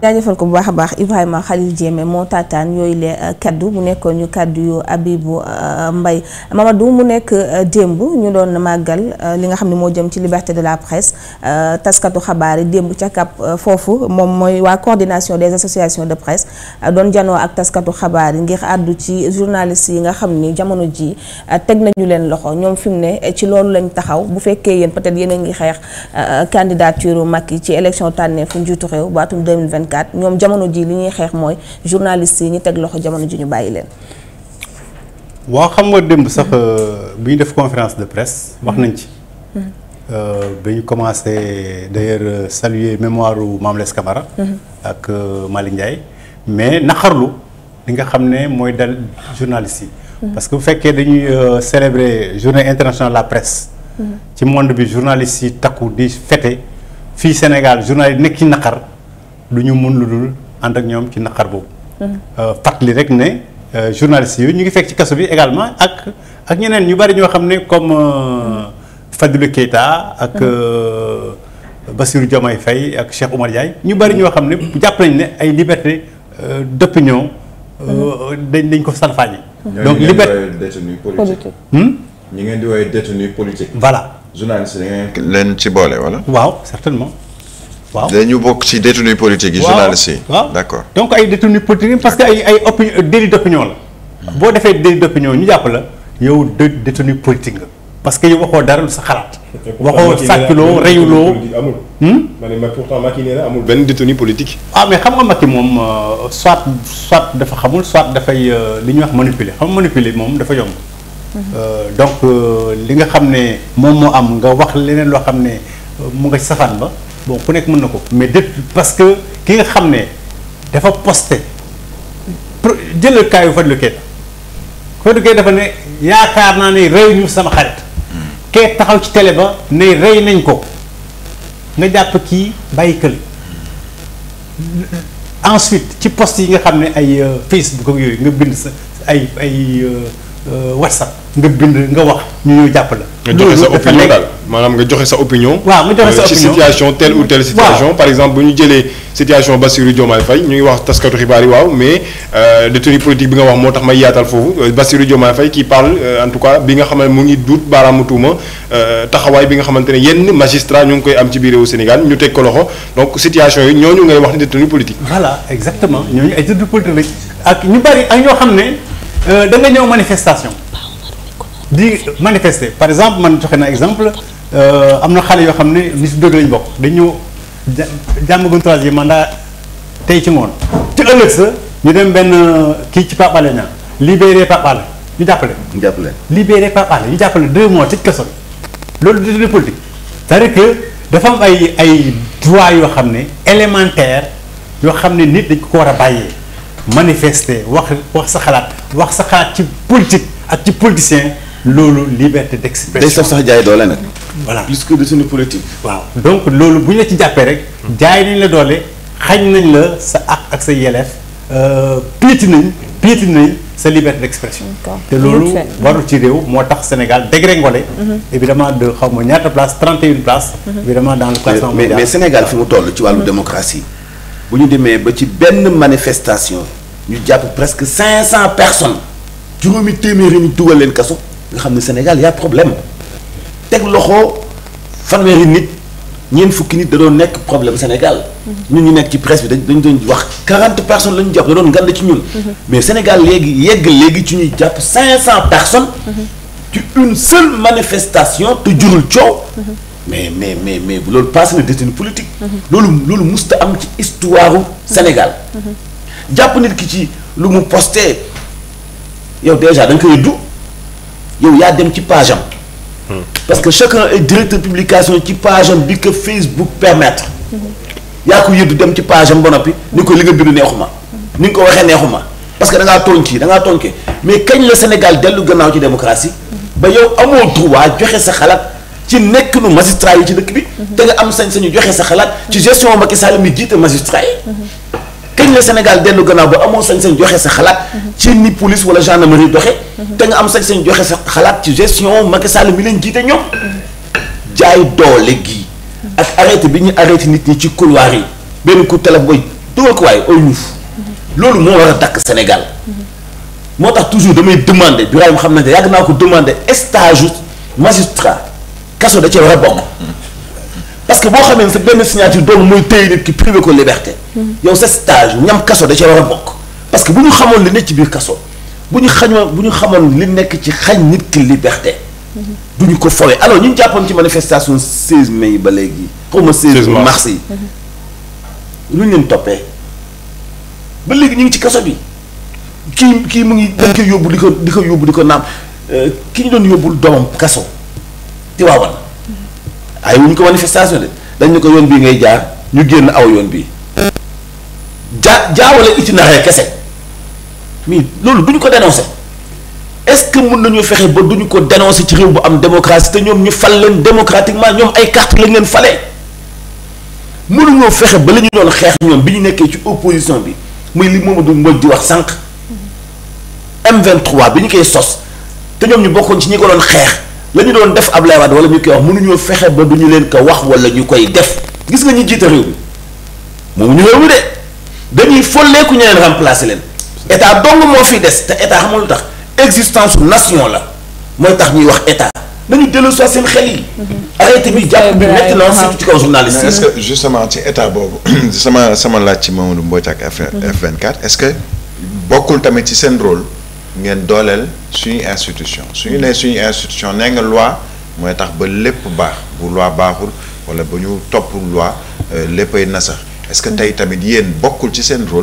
jaajëfal ko bu baax a baax Ibrahima Khalil Diémé moo tataan yooyu le euh, kaddu mu nekkoon ñu kaddu yu bu euh, mbay Mamadou mu nekk euh, démb ñu doon màggal li nga xam ne moo jëm ci liberté de la presse taskatu xabaar yi démb ca Cap foofu moom mooy waa coordination des associations de presse doon janoo ak taskatu xabaar yi ngir àddu ci journalistes yi nga xam ni jamono ji teg nañu leen loxo ñoom fi mu ne eh, ci loolu lañ taxaw bu fekkee yéen peut-être yéen a ngi xeex candidature Macky ci élection tànneefu njiitu réew baatum 2020 24 ñoom jamono ji li ñuy xeex mooy journalistes yi ñu teg loxo jamono ji ñu bàyyi leen. waaw xam nga démb sax euh, bi ñu def conférence de presse wax nañ ci. Mm-hmm. Euh, bi ñu commencé d'ailleurs euh, saluer mémoire Mame Less Camara. Mm-hmm. ak Malick Ndiaye mais naxarlu li nga xam ne mooy dal journalistes yi. Mm-hmm. parce que bu fekkee dañuy célébrer journée internationale de la presse. ci monde bi journalistes yi takku di fête fii Sénégal journalistes yi nekk lu ñu mun lu dul ànd ak ñoom ci naqar boobu. Mm-hmm. Euh, fàttali rek ne euh, journalistes yooyu ñu ngi fekk ci kaso bi également ak ak ñeneen ñu bari ñoo xam ne comme euh, Fadilou Keita ak. Mm-hmm. Bassirou Diomaye Faye ak Cheikh Oumar Diagne ñu bari ñoo xam ne jàpp nañ ne ay liberté d'opinion mm-hmm. dañ dañ ko salfaañe. donc liberté détenu politique hmm? ñi ngeen di woowee détenu politique. voilà journaliste yi ngeen leen ci boole wala. waaw certainement. waaw ñu bokk ci détenus politiques yi. journalistes yi waaw d'accord donc ay détenus politiques parce que ay ay la. boo defee délit d'opinion ñu jàpp la yow dé détenu politique nga parce que yow waxoo dara lu sa xalaat. waxoo sàcculoo reyuloo. Hmm? ma ne ma amul benn détenu politique. ah mais xam nga Macky moom euh, soit soit dafa xamul soit dafay euh, li ñuy wax manipuler xam nga moom dafa yomb. Mhm. Euh, donc li nga xam ne moom moo am nga wax leneen loo xam ne mu nga safaan ba. boo ku nekk mën na ko mais de parce que ki nga xam ne dafa poste jëlal kaayu Fadilou Keita Fadilou Keita dafa ne yaakaar naa ne rey ñu sama xarit hmm. kee taxaw ci télé ba ne rey nañ ko nga jàpp kii bàyyi kël ensuite ci post yi nga xam ne ay euh, Facebook ak yooyu nga bind sa ay ay euh, euh, WhatsApp nga bind nga wax ñu ñëw jàpp la. loolu dafa nekk nga joxe sa opinion daal maanaam nga joxe sa opinion. waaw nga joxe sa euh, opinion ci situation telle ou telle situation. par exemple bu ñu jëlee situation Bassirou Diomaye Faye ñu ngi wax taskatu xibaar yi waaw mais euh, de tenue politique bi nga wax moo tax may yaatal foofu euh, Bassirou Diomaye Faye qui parle en tout cas bi nga xam ne mu ngi duut baaraamu tuuma taxawaay bi nga xamante ne yenn magistrat ñu ngi koy am ci biir réewu Sénégal ñu teg ko loxo donc situation yi ñooñu ngay wax ni de tenue politique. voilà exactement ñooñu ay tenue politique ak ñu bari ak ñoo xam ne da nga ñëw manifestation di manifester par exemple man joxe naa exemple euh, am na xale yoo xam ne ni su dëgg lañ bokk dañ ñëw jàmm gën troisième mandat tey ci ngoon ci ëllëg sa ñu dem benn euh, kii ci Pape Alé Niang libéré Pape ñu jàppale. ñu jàppale libéré ñu jàppale deux mois tëj kaso loolu dina politique cest dafa am ay ay droit yoo xam ne élémentaire yoo xam ne nit dañ ko war a bàyyee manifester wax wax sa xalaat wax sa xalaat ci politique ak ci politicien. loolu liberté d'expression. day saf sax jaay doole nag. voilà risque de suñu politique. waaw donc loolu bu ñu la ci jàppee rek. jaay nañ la doole xañ nañ la sa àq ak sa yelef euh, piéti nañ piéti nañ sa liberté d'expression. te loolu warul ci réew moo tax Sénégal dégringolé. Mm-hmm. évidemment de xaw ma ñaata place 31 place. Mm-hmm. évidemment dans le classement mais Sénégal fi mu toll ci wàllu mm-hmm. démocratie. bu ñu demee ba ci benn manifestation ñu jàpp presque cinq cent personnes juróomi téeméeri mu dugal leen kaso. nga xam ne Sénégal y problème teg loxo fanweeri nit ñeen fukki nit da doon nekk problème Sénégal. Mhm. ñu ngi nekk ci presse bi dañ doon wax quarante personne la ñu jàpp da doon ngand ci ñun. Mhm. mais Sénégal léegi yegg léegi ci ñuy jàpp cinq cent personnes. Mhm. ci une seule manifestation te jurul coow. mais mais mais mais bu loolu passé na détenu politique. loolu loolu musta am ci histoire Sénégal. jàpp nit ki ci lu mu posté yow déjà da nga koy yëddu. yow yaa dem ci page hmm. parce que chacun est directeur publication ci page am bi que Facebook permettre. Hmm. yaa ko yëddu dem ci page am ba noppi ni ko li nga bind neexuma. ni nga ko waxee neexuma parce que da ngaa tonki da ngaa tonkee mais kañ la Sénégal dellu gannaaw ci démocratie. Hmm. ba yow amoo droit joxe sa xalaat ci nekk nu magistrat yi ci dëkk bi. te nga am sañ-sañu joxe sa xalaat. ci gestion Macky Sall mi jiite magistrat yi. kañ la Sénégal dellu gannaaw amoo sañ-sañ joxe sa xalaat. ci ni police wala gendarmerie doxe te nga am sañ-sañ joxe sa xalaat ci gestion Macky Sall mi leen jiite ñoom. jaay doole gi. ak arrêté bi ñu arrêté nit ñi ci couloir yi. benn coup de téléphone booy ko waaye au loolu moo war a dakk Sénégal. moo tax toujours damay demander Birahim xam na ne yàgg naa ko demande stage magistrat kaso da cee war a bokk. parce que boo xamee ne sa benn signature doon mooy téye nit ki privé ko liberté. Mm-hmm. yow sa stage ñam kaso da cee war a bokk. parce que bu ñu xamoon li nekk ci biir kaso bu ñu xañoon bu ñu xamoon li nekk ci xañ nit ki liberté. Mm-hmm. du ñu ko fowee alors ñu jàppoon ci manifestation 16 mai ba léegi. xaw ma 16 mars yi. Mm-hmm. lu ñu leen toppee ba léegi ñu ngi ci kaso bi kii kii mu ngi. dañ yóbbu li ko di ko yóbbu di ko naam euh, ki ñu doon yóbbul doomam kaso Tiwaawan. ay wuñ ko manifestation de dañ ne ko yoon bii ngay jaar ñu génn aw yoon bii jaa jaawale itinéraire kese mais loolu du ñu ko dénoncé est-ce que mën nañu fexe ba du ñu ko dénoncé ci réew bu am démocratie te ñoom ñu fal leen démocratiquement ñoom ay carte lañ leen falee mënuñoo fexe ba lañu ñu doon xeex ñoom bi ñu nekkee ci opposition bi muy lii li Mamadou Mbodj di wax sànq M23 bi ñu koy sos te ñoom ñu bokkoon ci ñu ko doon xeex. la ñu doon def Ablaye Wade wala ñu koy wax mënuñoo fexe ba du ñu leen ko wax wala ñu koy def gis nga ñu jiite réew mi moom ñu réew mi de dañuy folleeku ñu leen remplacer leen état dong moo fi des te état xamul tax existence nation la mooy tax ñuy wax état dañu dellu soit seen xel yi. Mm-hmm. arrêté bi jàpp bi métti na surtout ci kaw journaliste. est-ce que justement ci état boobu sama sama laaj ci Mamadou Mbodj ak F24 mm-hmm. est-ce que bokkul tamit ci seen rôle. ngeen dooleel suñu institution suñu nee suñu institution nee loi mooy tax ba lépp baax bu loi baaxul wala ba ñu topp loi euh, léppay na sax est que tey tamit yéen bokkul ci seen rôle